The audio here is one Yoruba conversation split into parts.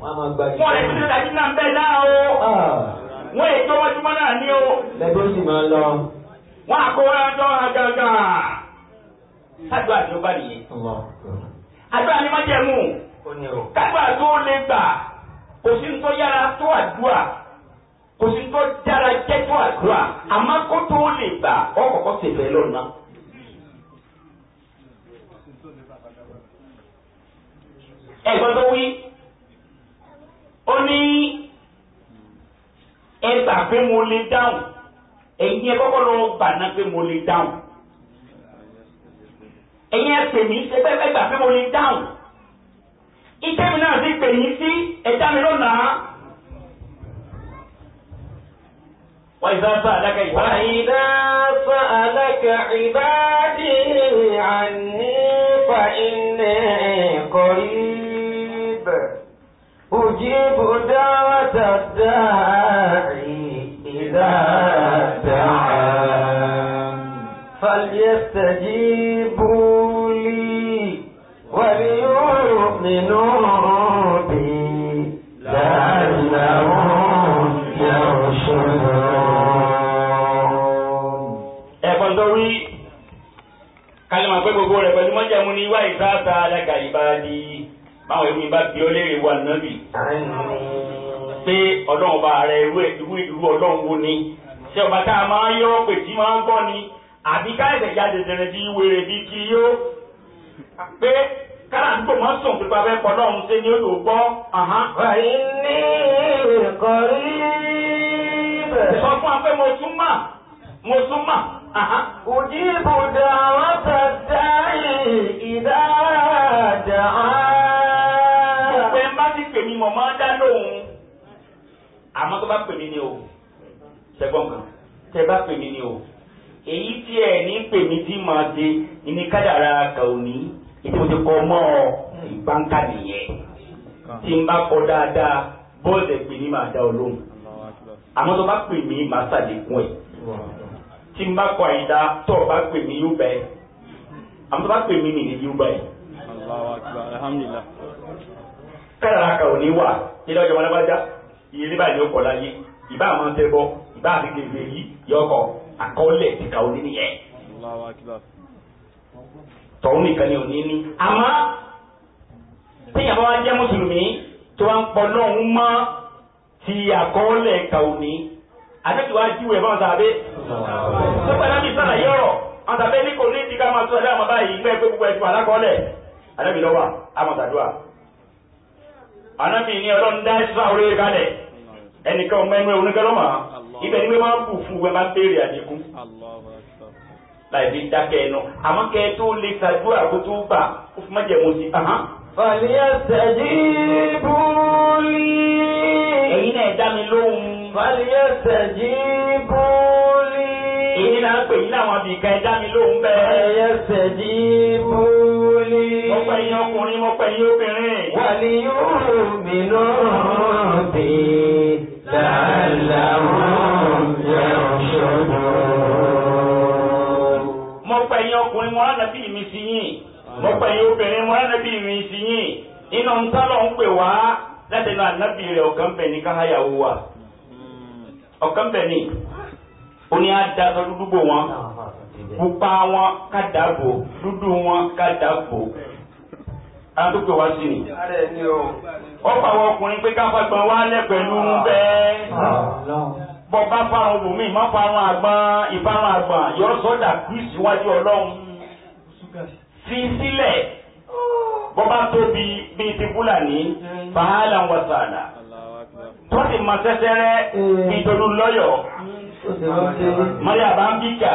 wọ́n á máa gba ìgbà. Ah. wọ́n lè fi ṣàkíyèsí náà bẹ́ẹ̀ náà o. wọ́n lè tó mọ́júmọ́ náà ní o. lẹ́gbẹ́ sì máa lọ. wọ́n á kó wọn jọ àgàgà. sádùá ni ó bá nìyẹn. àdúrà ni wọ́n jẹ́ mú. kádùá tó lè gbà kò sí nítorí yára tó àdúrà kò sí nítorí yára jẹ́ tó àdúrà àmọ́ kó tó lè gbà ọkọ̀ọ̀kọ̀ ṣèfẹ́ lọ́nà. ẹ̀gbọ́n tó wí ó ní ẹ gbà pé mo lè dáhùn ẹ̀yin ẹ kọ́kọ́ lọ gbà ná pé mo lè dáhùn ẹ̀yin ẹ pè ṣe fẹ́ gbà pé mo lè dáhùn ìtẹ́mi náà ti pè sí ẹ̀dá mi lọ́nà á. وإذا سألك عبادي وإذا سألك عبادي عني فإني قريب أجيب دعوة الداعي إذا دعان فليستجيبوا لي وليؤمنوا بي لعلهم يرشدون ẹ̀gbọ́n tó wí kálí máa pé gbogbo rẹ̀ pẹ̀lú mọ́jà mú wáyé sáà sáà lẹ́ka ìbáradì yìí báwọn ẹbí bá bí ọlẹ́rìí wà nábì. pé ọlọ́run bá rẹ irú irú ọlọ́run wo ni ṣé ọba tá a máa ń yọ pé tí máa ń gbọ́ ni àbí ká ẹ̀sẹ̀ ya dẹ̀dẹ̀rẹ̀ bí wèrè bí kiri yó pé kára àdúgbò máa ń sùn pípa fẹ́ pọ̀ lọ́run ṣé ni ó yóò gbọ́. ìní ìkọ̀rí bẹ̀. sọ fún wa pé mo tún mà mo tún mà. أجيب دعوة الداعي إذا دعاني mọ̀ máa dá lóhùn àmọ́ tó bá pè mí ni o ṣẹ́gbọ́n kan tẹ́ bá pè mí ni o èyí tí ẹ̀ ní pè mí tí màá de ìní kádàrá kàóní ètò ìdí kọ́ mọ́ ọ ìbáńkà nìyẹn tí n bá kọ dáadáa bọ́ọ̀lù ẹ̀pẹ̀ ní màá dá ọ lóhùn àmọ́ tó bá pè mí màá ṣàlékún ẹ̀ tí n bá kọ àyídá tó o bá pè mí yóò bẹ́ẹ̀ àmọ́ tó bá pè mí nìyí yóò bẹ́ẹ̀ kádàrá kan ò ní wà nílẹ̀ ọjọ́ balábájá iye ní báyìí ọkọ̀ láyé ìbá àmọ́ ń tẹ́bọ ìbá àti kèfé yìí yọkọ̀ àkọọ́lẹ̀ ìkà òní nìyẹn. tọ̀hún nìkan ni òní ní. àmọ́ téèyàn bá wá jẹ́ mùsùlùmí tó wá ń pọ̀ lọ́hún mọ́ ti àkọọ́lẹ̀ ìkà òní àdókè wá jíwèé báwọn sàbẹ̀. tó pẹ́ lábì sàlàyé ọ̀rọ̀ àwọn sàbẹ̀ ní kò ní ìdí ká máa tó ẹ̀dá àmọ́ báyìí ànábì ní ọlọ́run dá ìsúná olóyè kalẹ̀ ẹnìkan ọmọ ẹnu ẹ̀rù nìkan lọ́mọ ibẹ̀ ni wọ́n máa ń bù fún wọn máa ń béèrè àdínkù láì fi dákẹ́ ẹnu àmọ́ kẹ́ tó lè ṣàdúrà kó tó bà ó fi má jẹ̀ mọ́ sí. فليستجيبوا لي èyí náà dá mi lóhùn. فليستجيبوا لي èyí náà pè yín láwọn abìkan ẹ dá mi lóhùn bẹ́ẹ̀. فليستجيبوا lé. mo pẹ́ yín ọkùnrin mo pẹ́ yín obìnrin. wà ní yóò mi náà bí làálàá yẹ ọ̀ṣọ́dọ̀. mo pẹ́ yín ọkùnrin mo rán bí mi sí yín. mo pẹ́ yín obìnrin mo rán bí mi sí yín. iná ń tán lọ ń pè wá látẹnu ànábì rẹ̀ ọ̀kan bẹ̀ ní káháyàwó wa. ọ̀kan bẹ̀ ní. ó ní á da sọ dúdú bò pupa wọn ká dàbò dúdú wọn ká dàbò aládùúgbò wa sí ni. ó pa àwọn ọkùnrin pé ká fagbọn wálẹ̀ pẹ̀lú bẹ́ẹ̀. bọ́ bá farun bùnmí má farun àgbọn ìfarun àgbọn yọ sọ́dà kristi wájú ọlọ́run. fi sílẹ̀ bọ́ bá tóbi bíi ti fúlàní fàhálà wàsàlà. tó sì mọ sẹ́sẹ́rẹ́ bíi tolú lọ́yọ̀ọ́ mọ́lẹ́ àbá ń bíkà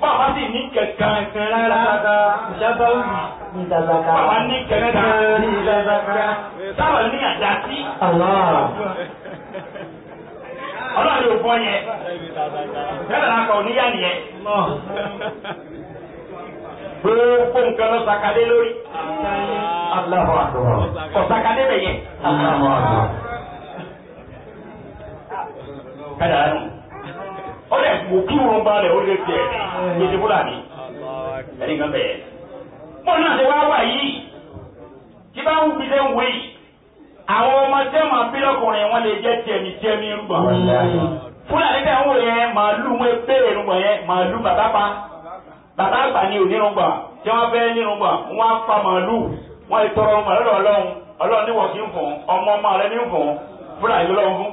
bàbá sì ní kẹ̀kẹ́ kan rárá bàbá ní kẹ̀kẹ́ táwọn ní àdá sí ọlọ́run yóò fọ́ yẹ bẹ́ẹ̀ náà kọ̀ níyà nìyẹn gbogbo nǹkan lọ sàkàdé lórí kọ̀ sàkàdé bẹ̀ yẹ. kádàá nù kò kírun balẹ̀ ó lé tiẹ̀ gbèsè fúlàní ẹni kan bẹ̀. bọ́ọ̀ náà ṣe wá wà yìí tí bá ń gbìṣẹ́ ń wé yìí àwọn ọmọ tẹ́ máa bí lọ́kùnrin wọn lè jẹ́ tẹ̀mí tẹ̀mí rúgbà. fúlàní tẹ̀ ń wò yẹn màálù wọn béèrè rúgbà yẹn màálù bàbá pa bàbá àgbà ni ò gbà tí wọ́n fẹ́ nírun gbà wọ́n á pa màálù wọ́n lè tọrọ màálù lọ́dọ̀ ọlọ́run ọlọ́run níwọ̀n kì í fún ọmọ ọmọ rẹ ní fún fúlàní lọ́wọ́ fún.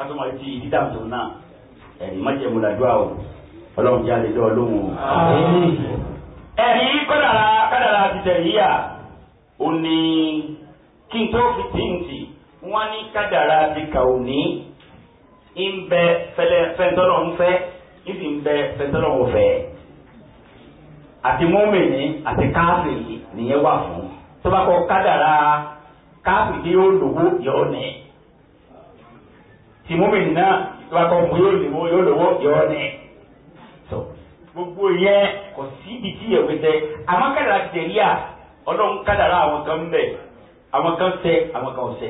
kátó máa ti dídàtò náà ẹ̀yìn májèmúladúrà o ọlọ́run jáde dọ́ lóhùn o. ẹ̀yìn kádàrá kádàrá ti tẹ̀ yíyà ó ní kí n tó fi tìǹtì wọ́n ní kádàrá ti kà ó ní ń bẹ fẹ́ntọ́lọ́ ń fẹ́ ń sì ń bẹ fẹ́ntọ́lọ́ ń fẹ́ àti mọ́mìnì àti káfíìn nìyẹn wà fún tó bá kádàrá káfíìn tí yóò lòwó yọ̀ ọ́ nìyẹn tìmúmìn náà lọ́kọ̀ mú yóò lè mú yóò lówó yọ̀ọ́ ní. gbogbo yẹn kò sí ibi tí yẹ̀wò tẹ àmọ́ kádàrá ti tẹ̀lé à ọlọ́run kádàrá àwọn kan ń bẹ̀ àwọn kan ṣẹ àwọn kan ò ṣẹ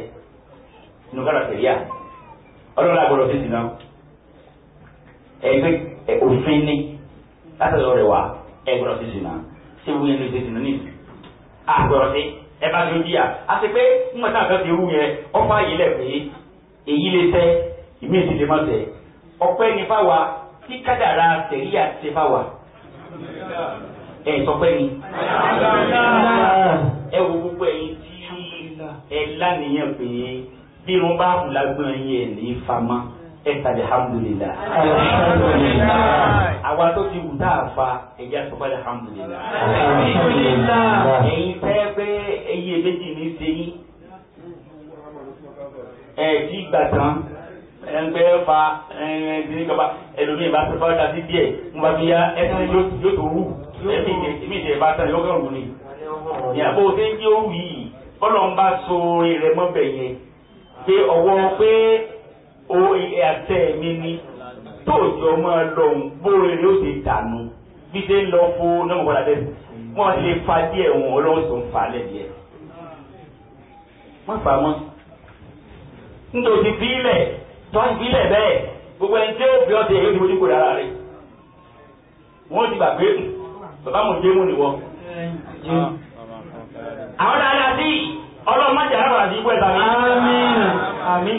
nínú kádàrá tẹ̀lé à ọlọ́run àgbọ̀dọ̀ fi sìn náà ẹgbẹ́ òfin ni látọ̀dọ̀ rẹ̀ wá ẹgbọ̀dọ̀ fi sìn náà ṣé wúyẹn ló ṣe sìn náà nìyí àgbọ̀dọ̀ sí ẹ bá ti ń bí à àti pé ńgbà táwọn kan ìmí èsì lè má tẹ ọpẹ́ ní fáwa tí kádàrá sẹríà ṣe fáwa ẹ sọpẹ́ ni ẹ wo gbogbo ẹ̀yin tí ẹ lánìyàn pé bí wọn bá hù lágbọn yẹn ní fama ẹ tàbí alhamdulillah àwa tó ti wù tá a fa ẹ̀yà sọpẹ́ alhamdulillah ẹ̀yin tẹ́ pé ẹyẹ méjì ní sẹ́yìn ẹ̀ tí gbà tán ẹgbẹ́ fa ẹgbẹ́ gaba ẹlòmíì bá tó fáwọn dàbí díẹ̀ mo bá fi ya ẹsẹ̀ yóò tó wù ẹ̀mí ìdí ẹ̀bá sani yóò kẹ́rù ni. ìyàbọ̀ ṣé ń yóò wì í kọ́nà ń bá so rẹ mọ́bẹ̀ yẹn pé ọwọ́ pé o àtẹ mi ni tó jọ máa lọ bóore rẹ ó ti dànù bí ṣe ń lọ fún náà wọ́n lè wọ́n lè fa díẹ̀ wọn ọlọ́run tó ń fa lẹ́ díẹ̀ wọ́n fa mọ́ nítorí fi tọ́ ìbílẹ̀ bẹ́ẹ̀ gbogbo ẹni tí ó fi ọ̀sẹ̀ èyí ni mo dára rẹ̀ wọ́n ti gbàgbé bàbá mo jẹ́ ni wọ́n. àwọn dáadáa sí ọlọ́run má jẹ́ àbàrà sí ikú mi. Ami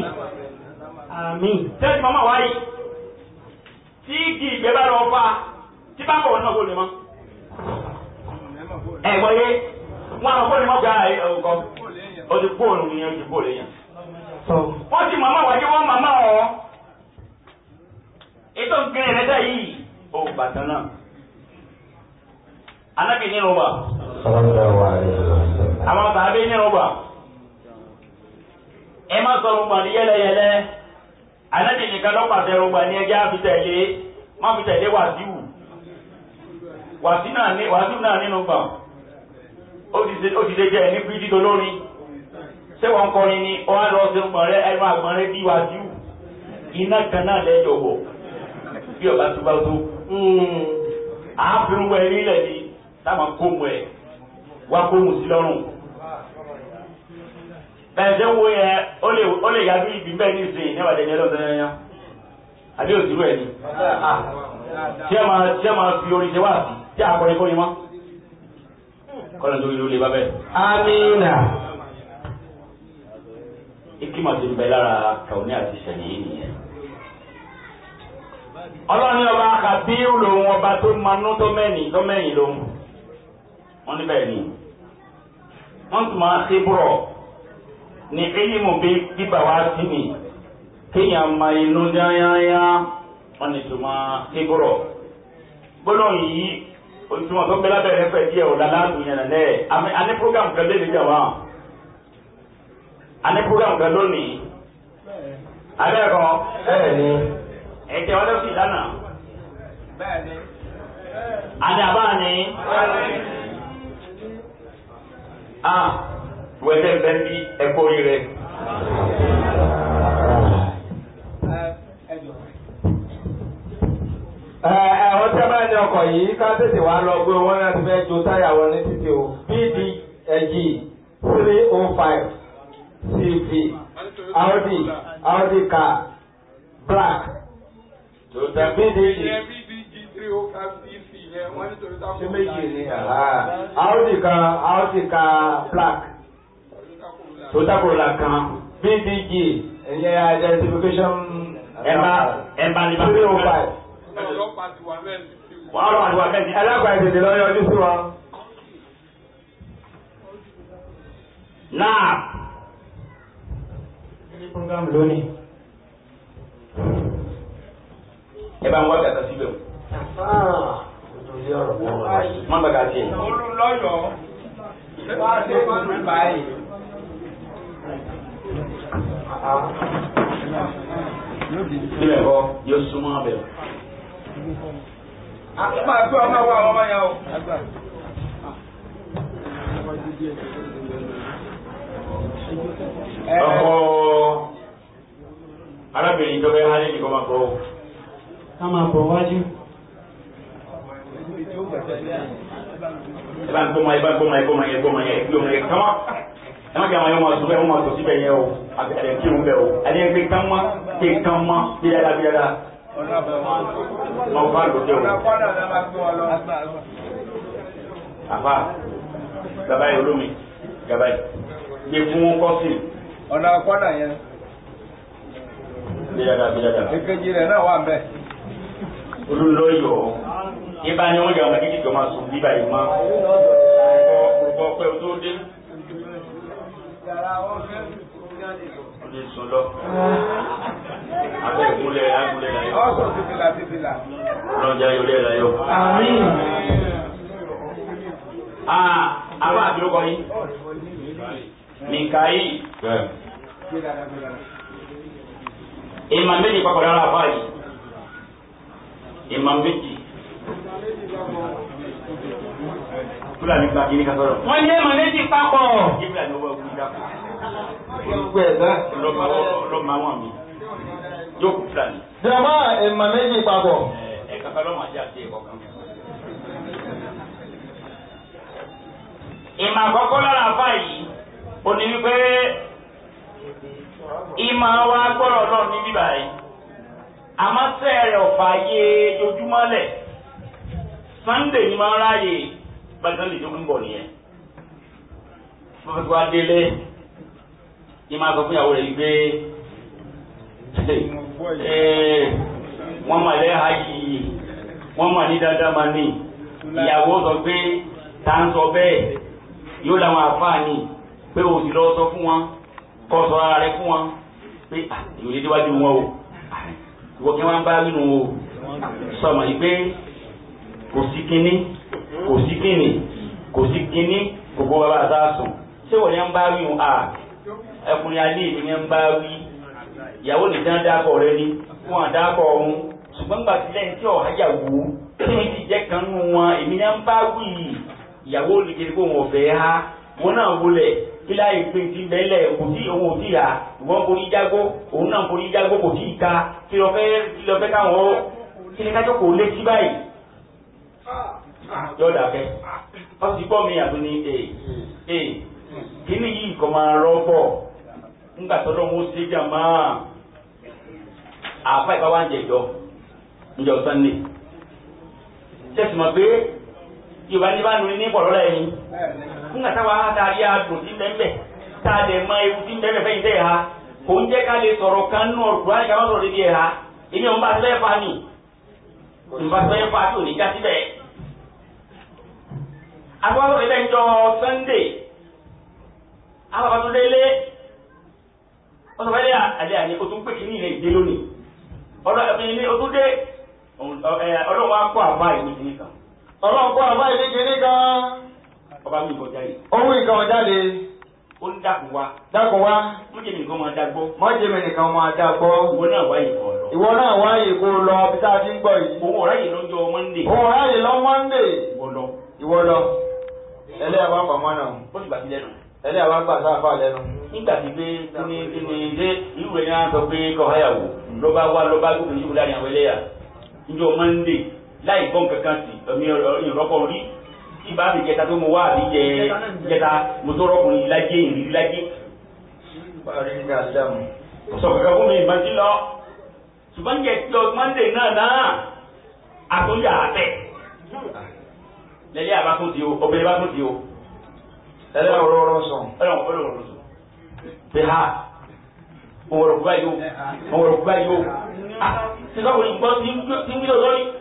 Ami sẹ́ẹ̀tì mama wáyé tí igi ìgbẹ́ bá lọ fa tí bá náà lè mọ́. ẹ̀gbọ́n yé wọn àwọn lè mọ́ ọkọ ó ti ó wọ́n ti màmá ní wọ́n màmá ọ̀ ètò gírin rẹ̀ yìí ó gbàtàn náà anábì nínú wa àwọn bàbá nínú wa ẹ má sọ gbogbo àti yẹlẹyẹlẹ anábì nìkan lọ́pàá tẹ gbogbo ẹjẹ́ àfitẹ̀lé má náà nínú ó ti jẹ́ ẹ ní ṣé wọn kọrin ni wọn lọ sí gbọ̀nrẹ́ ẹnu àgbọ̀nrẹ́ bí wájú iná kan náà lẹ́yọ̀ wọ̀ bí ọba tó bá tó àáfin hmm, wọ ni táwọn kó mu wá kó sí lọ́rùn bẹ́ẹ̀ wo yẹn ó lè yá bí ibi ní ìsìn ní ẹni ẹlọ́dún ẹni yẹn àbí òsìrú ẹni tí a máa tí a máa fi orin ṣe wá sí tí a kọrin kọrin mọ́ kọ́nà tó lè bá bẹ́ẹ̀. amina ikima ti bẹ lára kàwé àti sẹ̀yìn yìí nìyẹn. ọlọ́ni ọba kàbíyù lòun ọba tó manú tó mẹ́yìn tó mẹ́yìn lòun wọ́n ní ni wọ́n tún máa ṣe búrọ̀ ní éyìmù bí bíbà wá sí mi kéèyàn ma inú yányányá wọ́n ní tún máa ṣe búrọ̀ gbọ́dọ̀ yìí ojúmọ̀ tó bẹ́ẹ̀ lábẹ́rẹ́ fẹ́ díẹ̀ ọ̀dà láàbù yẹn lẹ́ẹ̀ àní program kan lè lè jà wá a ní program kan lónìí alẹ́ ẹ̀kọ́ bẹ́ẹ̀ni ẹ̀jẹ̀ wọn lọ́sì lánàá bẹ́ẹ̀ni àní àbáàní a wẹ̀lẹ̀ bẹ́ẹ̀ bí ẹ̀kọ́ yìí rẹ̀. ẹ̀wọ̀n tí a bá ní ọkọ̀ yìí ká tètè wá lọ gbé wọn láti fẹ́ ju táyà wọn ní títì o bd ẹ̀jì three oh five. CV, Audi, Audi car, black. Toyota BDG. Oh Ṣé méjì ni oh Audi kan Audi kan black. Toyota Corolla kan BDG ẹ̀yẹ identification. Ẹ̀ma Ẹ̀ma ni bàbá. Three oh five. Wọ́n á lọ àdúrà mẹ́rin. Ẹlẹ́gbàá ìdèdè lọ́yọ́ ọdún sí wa. Náà sí program lónìí. ẹ bá ń wá gàtà síbẹ̀ o. má gbàgbà tiẹ̀. olùlọ́yọ̀ wá sí pẹ̀lú báyìí. Bílẹ̀ kọ́ yóò súnmọ́ abẹ. Àtúmọ̀ àti ọmọ wa ọmọ yẹn o ọkọ arábìnrin tó bẹ hálẹ nìkan máa bọ ọ. ká máa bọ̀ wájú. ẹ bá ń gbọ́mọ ẹ bá ń gbọ́mọ ẹ gbọ́mọ ẹ gbọ́mọ ẹ gbọ́mọ ẹ kánwá ẹ má kí àwọn yóò máa sọ bẹ́ẹ̀ wọ́n máa sọ síbẹ̀ yẹn o àti ẹ̀ kí òun bẹ̀ o àti ẹ̀ pé kánwá pé kánwá bí yàrá bí yàrá ọba lòdì o àbá bàbá yìí olómi gàbá yìí gbé fún kọ́sìn. ọ̀nà akọ́dà yẹn. bí dada bí dada. èkejì rẹ̀ náà wà bẹ́ẹ̀. olú lọ yọ ibà ni wọn yọ ọmọ kékeré ọmọ sùn bíbá yìí mọ. ọ̀pọ̀ pẹ́ o tó dé. yàrá wọn fẹ́ ní sùn lọ. Abẹ́ ìgúnlẹ̀ agúnlẹ̀ láyọ̀. Ọ̀sọ̀ tìtìlà tìtìlà mikayi ìmà méjì papọ̀ lára àbáyé ìmà méjì fúlàní gba kí ní ká sọ̀rọ̀. wọ́n ní ìmà méjì ni owó ẹ̀kú dákọ̀. olùgbé ẹ̀dá ọlọ́mọ àwọn mi yóò kú fúlàní. jọba ìmà méjì papọ̀. ẹ kàkà lọ́mọ ajá sí ẹ̀kọ́ kan. ìmà àkọ́kọ́ ó ní wípé ìmọ̀ wa gbọ́rọ̀ náà ní bíbá yìí àmọ́ sẹ́ẹ̀rẹ̀ ọ̀fà yé ojoojúmọ́ lẹ̀ Sunday ni máa ń ráàyè bàtà lè jókòó ń bọ̀ nìyẹn fọfẹ́fẹ́ wa délé ìmọ̀ àgbà fún ìyàwó rẹ̀ wípé wọ́n mà lẹ́ hajj wọ́n mà ní dáadáa máa ní ìyàwó sọ pé tá à ń sọ bẹ́ẹ̀ yóò láwọn àfáà ní pé o sì lọ sọ fún wọn kọ sọ ara rẹ fún wọn pé ìròyìn ah, déwájú wọn o ìwọ kí wọn bá nínú o sọmọ yìí pé kò sí kínní kò sí kínní kò sí kínní gbogbo bàbá àtàsùn ṣé wọ́n yẹn ń bá wí o à ẹkùnrin alẹ́ mi yẹn ń bá wí ìyàwó lè dán dákọ̀ rẹ ni wọn àdákọ̀ ọ̀hún ṣùgbọ́n gbà sílẹ̀ tí ọ̀há yà wò ó tí mi ti jẹ́ kan nù wọn èmi náà ń bá wí ìyàwó lè jẹ́ kó wọn ọ̀fẹ́ ha wọn náà wọlé fíláyì pé ti bẹ́lẹ̀ kò o òun ò tí ra ìwọ́n ń borí jágó òun náà ń borí jágó kò tí ì ka kí lọ fẹ́ kí lọ fẹ́ káwọn kí ni kájọ́ kò lé sí báyìí. yọ̀ọ̀dà fẹ́ wọ́n ti gbọ́ mi àbí ni ee eh, ee eh. kíní yìí kò máa rọ́pọ̀ ńgbà tọ́lọ́ wọn ó ṣe jà máa àfa ìpáwá ń jẹ̀jọ́ ńjọ sunday tẹ̀sí yorùbá ní bá nulẹ̀ ní bọ̀lọ́lá ẹni fún àtàwọn àtàrí àdùn sí bẹ́ẹ̀ tá a dẹ̀ mọ ewu sí bẹ́ẹ̀ fẹ́yìn tẹ̀ ha kò ń jẹ́ ká lè sọ̀rọ̀ kan nù ọ̀rùn àyíká má sọ̀rọ̀ débi ẹ̀ ha èmi ò ń bá a sẹ́yẹ̀ fa ni ò ń bá a sẹ́yẹ̀ fa tí ò ní já síbẹ̀. àtàwọn sọ̀rọ̀ ibẹ̀ ń jọ Sunday alábàtúndélé ọ̀sọ̀ fẹ́lẹ́ àlẹ́ àní o tún pè kí ní ilẹ̀ ọ̀dọ̀ ẹ̀mí ni o tún dé ọlọ́run á kó àbá ìwé ìdílé ọlọ́run kọ́ àbá ìdíje nìkan. ọba mi ìbọn jáde. owó ìkan wọn jáde. ó ń dàkú wa. dàkú wa. mọ̀jẹ̀ mi nìkan máa dá gbọ́. mọ̀jẹ̀ mi nìkan máa dá gbọ́. ìwọ náà wá ìkọ lọ. ìwọ náà wá ìkọ lọ bí tá a ti ń gbọ́ yìí. òun ọ̀rá yìí lọ́jọ́ mọ́ndé. òun ọ̀rá yìí lọ́ mọ́ndé. ìwọ lọ. ìwọ lọ. ẹlẹ́yà wá pàmọ́ náà. bó ti gbà sí lẹ́nu. ẹlẹ́yà àwọn ẹlẹ́yà láì gbọ́n kankan sí ẹ̀mí ìrọ́pọ̀ rí ibà mi jẹta tó mo wá àbí jẹ jẹta mo tó rọkùnrin lájẹ ìrírí lájẹ. parí ní àdámù. sọ kankan fún mi ìmọ̀ sí lọ ṣùgbọ́n jẹ tí ọ mọ́ndé náà náà àtúnyà àtẹ lẹ́yìn àbákùn ti o obìnrin bá kún ti o. ẹlẹ́ ọ̀rọ̀ ọ̀rọ̀ sọ. ẹlẹ́ ọ̀rọ̀ ọ̀rọ̀ sọ. pé ha òwòrò kúbáyò òwòrò kúbáyò. sísọ́kùnrin gbọ́ sí ń gbé ọ̀dọ́ yìí.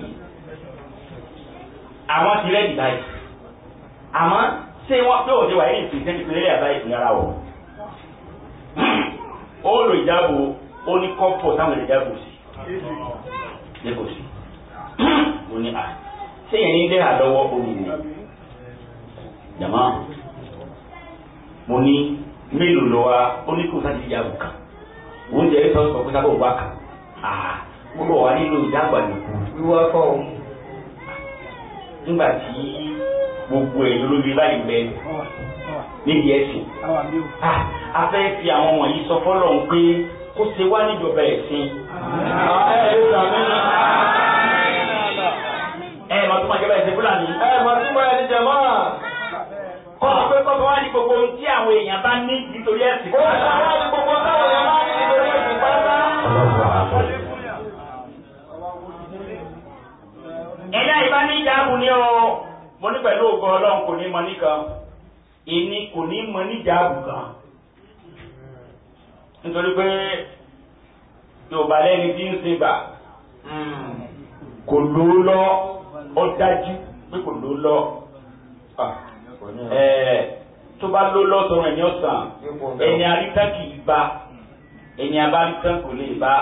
àwọn ti rẹ́ẹ̀dì báyìí àmọ́ ṣé wọ́n pé òde wà ní ìpínlẹ̀ ìpínlẹ̀ àbáyé ìpínlẹ̀ ara wọ̀ ó lò ìjábò ó ní kọ́pọ̀ táwọn ìjábò sí lẹ́kọ̀ọ́ sí hmm. ó ní à ah, ṣé yẹn ní dẹ́hà lọ́wọ́ omi ni jàmá mo ní mélòó lọ wa ó ní kó sáti ìjábò kan oúnjẹ ìtọ́sọ̀ pé sábà ah, wà kàn á gbogbo wa nílò ìjábò àlùkù wíwá fọ́ nígbà tí gbogbo èèyàn lórí báyìí bẹ níbi ẹ̀sìn ah, a fẹ́ fi àwọn wọ̀nyí sọ fọ́lọ́ pé kó ṣe wá níjọba ẹ̀sìn. ẹ ẹ máa tún máa jọba ẹ̀sìn fúlàní. ẹ máa tún máa ẹni jẹ̀mọ́. kọ́ ọ pé kọ́ ọ wá ní gbogbo ohun tí àwọn èèyàn bá ní nítorí ẹ̀sìn. kó o ṣe wá ní gbogbo táwọn èèyàn bá ní nítorí ẹ̀sìn. ẹ̀yà ìbá ní ìjáàbù ní o mo ní pẹ̀lú ògo ọlọ́run kò ní mọ nìkan ìní kò ní mọ níjààbù kan nítorí pé yorùbá lẹ́ni tí ń sin gbà hmm. kò ló lọ ó dájú pé kò ló lọ ah. tó bá ló lọ sọ̀rọ̀ ẹni ọsàn ẹni arítán kì í bá ẹni abárítán kò lè bá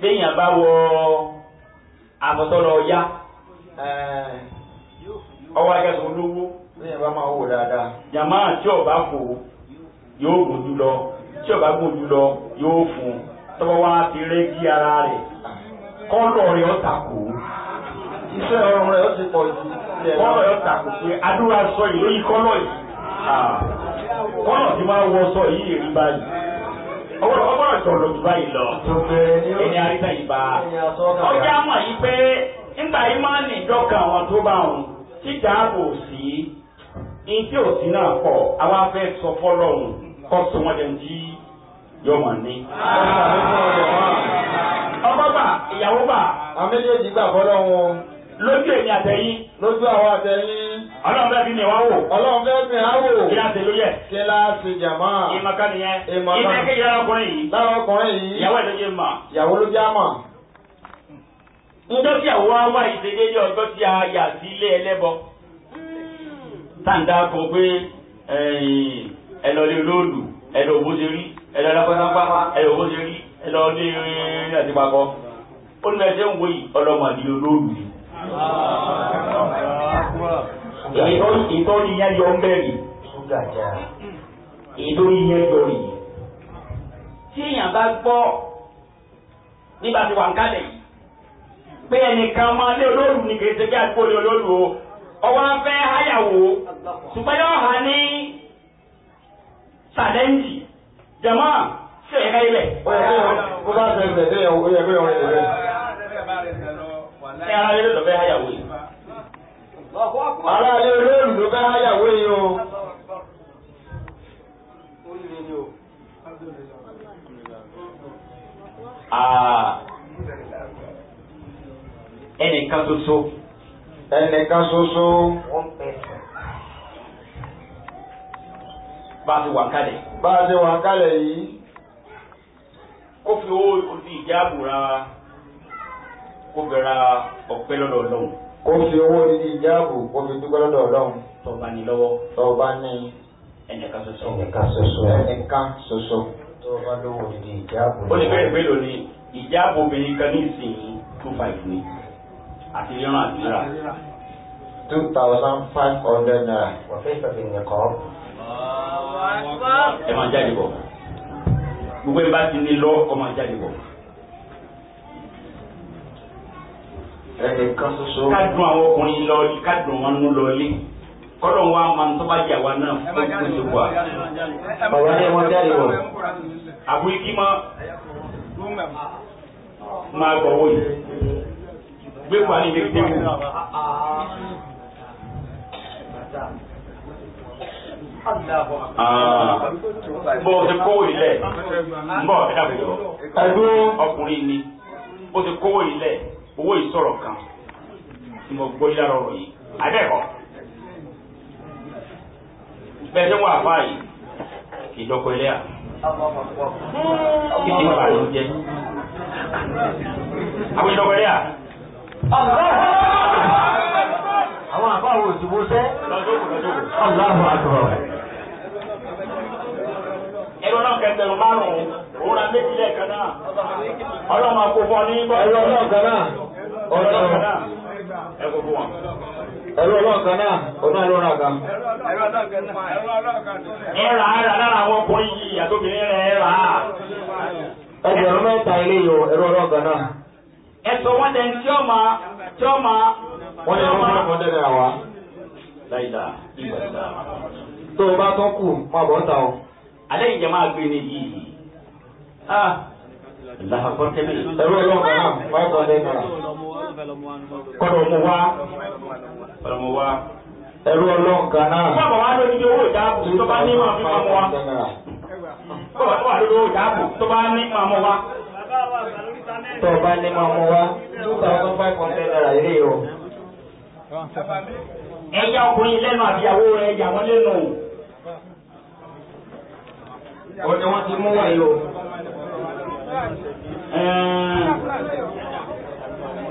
béèyàn bá wọ àbọ̀tọ́lọ ya. Eh, ọwọ́ akẹ́kọ̀ọ́ olówó lóyìn bá máa wò tí ọba kò yóò gùn jù lọ tí ọba gùn jù lọ yóò fún tọwọ́ wá ti ara rẹ̀ kọ́lọ̀ rẹ̀ iṣẹ́ ọrùn rẹ̀ ó ti pọ̀ jù. kọ́lọ̀ rẹ̀ ọ̀tà kò pé adúrà sọ yìí lóyìn kọ́lọ̀ yìí kọ́lọ̀ tí wọ sọ yìí báyìí lọ ẹni ọjà mọ̀ yìí pé nígbà yìí máa ní ìjọka àwọn tó bá wọn tíjà kò sí ní tí ò sí náà pọ̀ àwa fẹ́ sọ fọlọ́run kọ́ sọ wọn jẹun tí yóò mọ̀ ní. ọkọ bà ìyàwó bà. àwọn méjèèjì gbà fọlọ́run lójú èmi àtẹ̀yìn. lójú àwọn àtẹ̀yìn. ọlọ́run fẹ́ bí mi wá wò. ọlọ́run fẹ́ bí mi wá wò. kí láti ló yẹ. kí láti jàmá. ìmọ̀ká nìyẹn. ìmọ̀ká. ìmọ̀ká yàrá ọkùnrin yìí. lára ọkùnrin yìí. ìyàwó ẹ̀ ló jẹ́ mà. ìyàwó ló jẹ́ mà njọ́ tí àwọn wá ìṣedéédé ọjọ́ tí a yà sí ilé ẹlẹ́bọ tàǹdà kan pé ẹlọ́lé olóòlù ẹlọ́ òwò ṣe rí ẹlọ́ lápátápátá ẹlọ́ òwò ṣe rí ẹlọ́ ọdẹ àti pakọ́ ó ní ẹsẹ̀ ń wo yìí ọlọ́mọdé olóòlù ni. ìtọ́ni yẹn yọ ń bẹ̀rẹ̀ ìtọ́ni yẹn yọ rèé tí èèyàn bá gbọ́ nígbà tí wà ń kálẹ̀ yìí pé ẹnìkan máa lé olóòlù ní kìí ṣe bí àdúgbò lé olóòlù o ọwọ́ ń fẹ́ háyàwó ṣùgbọ́n yóò hà ní sàlẹ́ǹjì jẹ̀mọ́ ṣe ẹ̀ka ilẹ̀. ó bá ṣe ẹsẹ̀ ṣe ó yẹ kó yọ ọ̀rẹ́ rẹ̀. ṣé ara ilé ló fẹ́ háyàwó yìí. ara ilé olóòlù ló fẹ́ háyàwó yìí o. Ah. ẹnìkan soso, ẹnìkan ṣoṣo bá a ti wà kalẹ̀. bá a ti wà kalẹ̀ yìí. kó fi owó ojú ìjà àbúra kó bẹ̀rẹ̀ ọ̀pẹ́ lọ́dọ̀ ọlọ́run. kó fi owó ojú ìjà àbù kó fi dúpẹ́ lọ́dọ̀ ọlọ́run. tọ́ba ní lọ́wọ́. tọ́ba ní ẹnìkan ṣoṣo. ẹnìkan ṣoṣo. ẹnìkan ṣoṣo. tọ́ba lówó ojú ìjà ó lè bẹ̀rẹ̀ pé lónìí ìjà obìnrin kan ní ìsìn yìí two five ni àti ríran àti rírà. two thousand five hundred naira wọ́n fẹ́ sọ̀tì nìkọ́. ẹ máa jáde bọ̀ gbogbo ẹ bá ti ní lọ ọ máa jáde bọ̀. ẹnìkan ṣoṣo. ká dùn àwọn ọkùnrin lọ ká dùn wọn nú lọ lé kọ́dọ̀ wa máa ń tọ́ba jà wa náà fún ìpínlẹ̀ wa. bàbá ní wọn jáde wọ. àbúrò kí máa máa gbọ́ wọ̀nyí gbé wà ní ilé wò. Ah. bó o ti kówó ilẹ̀ bọ́ ẹ dàbọ̀ ẹ̀dùn ọkùnrin ni o ti kówó ilẹ̀ owó ìsọ̀rọ̀ kan tí mo gbọ́ yára ọ̀rọ̀ yìí àbẹ́ẹ̀kọ́ bẹ́ẹ̀ ṣe wọ́n àbá yìí ìjọkọ̀ ilé à kí ni ìbànújẹ́ àwọn ìjọkọ̀ ilé à. àwọn àbá àwọn òṣìbó sẹ́ Allahu náà ẹ̀rọ náà ẹ̀rọ náà ẹ̀rọ ẹ̀rọ ẹsọ wọn dẹ ní tíọ́mà tíọ́mà. wọ́n yẹ kó fún ọdẹ náà wá láìda ìgbàlódà. tó o bá tán kù máa bọ̀ ń ta o. alẹ́ ìjẹ́ máa gbé ní yìí. Ah. làkàkọ́ tẹ́lẹ̀. ẹ̀rọ ọlọ́ọ̀kan náà five hundred naira. kọ́dọ̀ mo wá. kọ́dọ̀ mo wá. ẹ̀rọ ọlọ́ọ̀kan náà. fún àbọ̀ wá lórí owó ìdáàbò tó bá ní ìmọ̀ fífọ́ mọ́ wa. fún àbọ̀ wá lórí owó ìdáàbò tó bá ní ìmọ̀ mọ́ wa tó o bá ní máa mú wá two thousand five hundred naira ilé o. ẹ yá ọkùnrin lẹ́nu àbíyàwó rẹ̀ yà lẹ́nu o ni wọ́n ti mú wáyé o.